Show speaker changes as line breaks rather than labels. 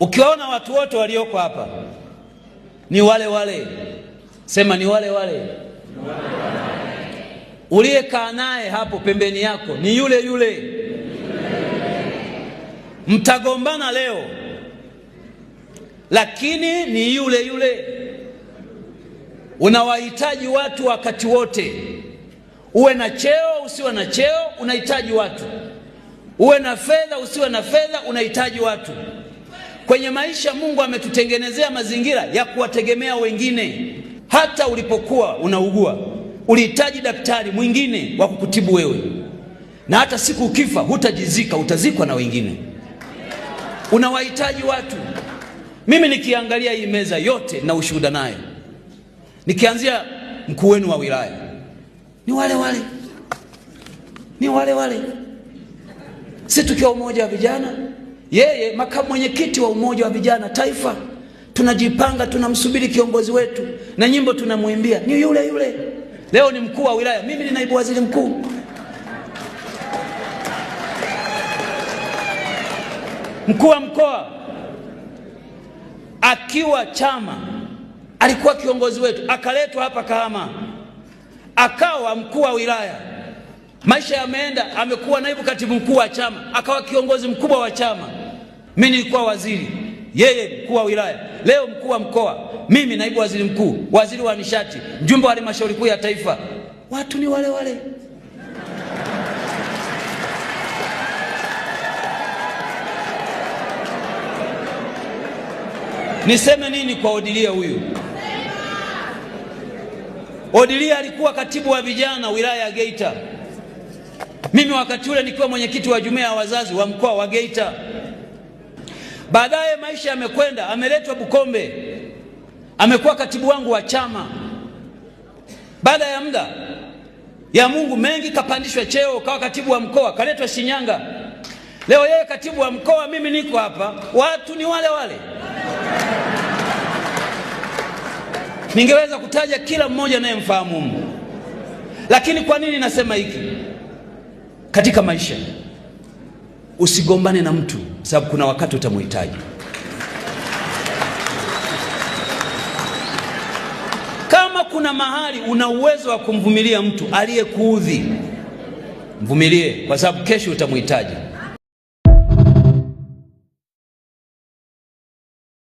Ukiwaona watu wote walioko hapa ni wale wale, sema ni wale wale. Uliyekaa naye hapo pembeni yako ni yule yule, mtagombana leo lakini ni yule yule. Unawahitaji watu wakati wote, uwe na cheo usiwe na cheo, unahitaji watu, uwe na fedha usiwe na fedha, unahitaji watu. Kwenye maisha Mungu ametutengenezea mazingira ya kuwategemea wengine. Hata ulipokuwa unaugua ulihitaji daktari mwingine wa kukutibu wewe, na hata siku ukifa hutajizika, utazikwa na wengine. Unawahitaji watu. Mimi nikiangalia hii meza yote na ushuhuda nayo, nikianzia mkuu wenu wa wilaya, ni wale wale, ni wale wale, si tukiwa umoja wa vijana yeye makamu mwenyekiti wa umoja wa vijana taifa, tunajipanga, tunamsubiri kiongozi wetu na nyimbo tunamwimbia ni yule yule. Leo ni mkuu wa wilaya, mimi ni naibu waziri mkuu. Mkuu wa mkoa akiwa chama alikuwa kiongozi wetu, akaletwa hapa Kahama, akawa mkuu wa wilaya. Maisha yameenda, amekuwa naibu katibu mkuu wa chama, akawa kiongozi mkubwa wa chama mimi nilikuwa waziri, yeye mkuu wa wilaya, leo mkuu wa mkoa, mimi naibu waziri mkuu, waziri wa nishati, mjumbe wa halmashauri kuu ya taifa, watu ni wale wale. Niseme nini kwa Odilia huyu? Odilia alikuwa katibu wa vijana wilaya ya Geita, mimi wakati ule nikiwa mwenyekiti wa jumuiya ya wazazi wa mkoa wa Geita. Baadaye maisha yamekwenda, ameletwa Bukombe, amekuwa katibu wangu wa chama. Baada ya muda ya Mungu mengi, kapandishwa cheo, kawa katibu wa mkoa, kaletwa Shinyanga. Leo yeye katibu wa mkoa, mimi niko hapa, watu ni wale wale. Ningeweza kutaja kila mmoja anayemfahamu Mungu, lakini kwa nini nasema hiki katika maisha usigombane na mtu, sababu kuna wakati utamhitaji. Kama kuna mahali una uwezo wa kumvumilia mtu aliyekuudhi, mvumilie, kwa sababu kesho utamhitaji.